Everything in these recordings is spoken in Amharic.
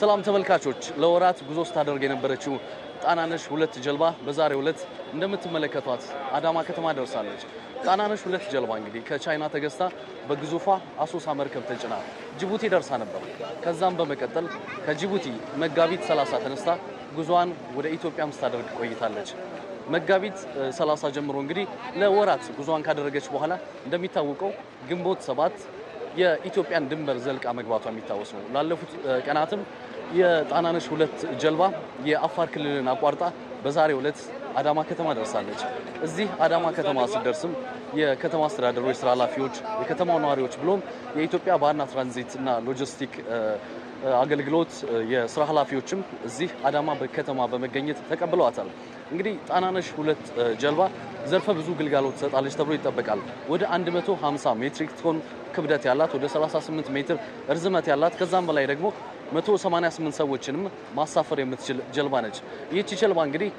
ሰላም ተመልካቾች፣ ለወራት ጉዞ ስታደርግ የነበረችው ጣናነሽ ሁለት ጀልባ በዛሬው ዕለት እንደምትመለከቷት አዳማ ከተማ ደርሳለች። ጣናነሽ ሁለት ጀልባ እንግዲህ ከቻይና ተገዝታ በግዙፏ አሶሳ መርከብ ተጭና ጅቡቲ ደርሳ ነበር። ከዛም በመቀጠል ከጅቡቲ መጋቢት 30 ተነስታ ጉዞዋን ወደ ኢትዮጵያም ስታደርግ ቆይታለች። መጋቢት 30 ጀምሮ እንግዲህ ለወራት ጉዞዋን ካደረገች በኋላ እንደሚታወቀው ግንቦት ሰባት የኢትዮጵያን ድንበር ዘልቃ መግባቷ የሚታወስ ነው። ላለፉት ቀናትም የጣናነሽ ሁለት ጀልባ የአፋር ክልልን አቋርጣ በዛሬው ዕለት አዳማ ከተማ ደርሳለች። እዚህ አዳማ ከተማ ስትደርስም የከተማ አስተዳደሩ የስራ ኃላፊዎች፣ የከተማው ነዋሪዎች ብሎም የኢትዮጵያ ባና ትራንዚት እና ሎጂስቲክ አገልግሎት የስራ ኃላፊዎችም እዚህ አዳማ ከተማ በመገኘት ተቀብለዋታል። እንግዲህ ጣናነሽ ሁለት ጀልባ ዘርፈ ብዙ ግልጋሎት ትሰጣለች ተብሎ ይጠበቃል። ወደ 150 ሜትሪክ ቶን ክብደት ያላት፣ ወደ 38 ሜትር እርዝመት ያላት ከዛም በላይ ደግሞ 188 ሰዎችንም ማሳፈር የምትችል ጀልባ ነች። ይህቺ ጀልባ እንግዲህ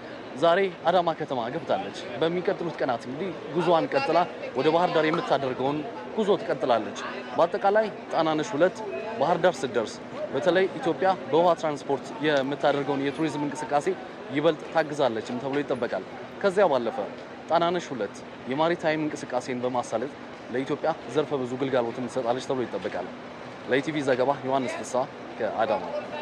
ዛሬ አዳማ ከተማ ገብታለች። በሚቀጥሉት ቀናት እንግዲህ ጉዞዋን ቀጥላ ወደ ባህር ዳር የምታደርገውን ጉዞ ትቀጥላለች። በአጠቃላይ ጣናነሽ ሁለት ባህር ዳር ስትደርስ በተለይ ኢትዮጵያ በውሃ ትራንስፖርት የምታደርገውን የቱሪዝም እንቅስቃሴ ይበልጥ ታግዛለችም ተብሎ ይጠበቃል። ከዚያ ባለፈ ጣናነሽ ሁለት የማሪታይም እንቅስቃሴን በማሳለጥ ለኢትዮጵያ ዘርፈ ብዙ ግልጋሎትን ትሰጣለች ተብሎ ይጠበቃል። ለኢቲቪ ዘገባ ዮሐንስ ፍሳ ከአዳማ